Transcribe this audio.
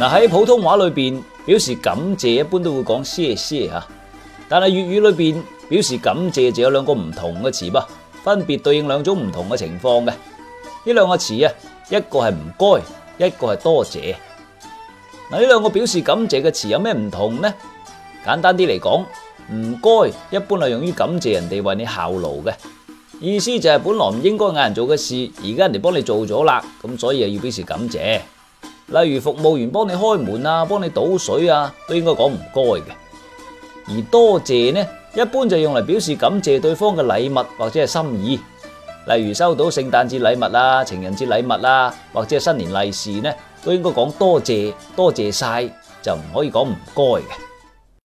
嗱，喺普通話裏邊，表示感謝一般都會講謝謝吓，但係粵語裏邊表示感謝就有兩個唔同嘅詞噃，分別對應兩種唔同嘅情況嘅。呢兩個詞啊，一個係唔該，一個係多謝。嗱，呢兩個表示感謝嘅詞有咩唔同呢？簡單啲嚟講，唔該一般係用於感謝人哋為你效勞嘅，意思就係本來唔應該嗌人做嘅事，而家人哋幫你做咗啦，咁所以又要表示感謝。例如服務員幫你開門啊，幫你倒水啊，都應該講唔該嘅。而多謝呢，一般就用嚟表示感謝對方嘅禮物或者係心意。例如收到聖誕節禮物啦、情人節禮物啦，或者係新年利是呢，都應該講多謝，多謝晒，就唔可以講唔該嘅。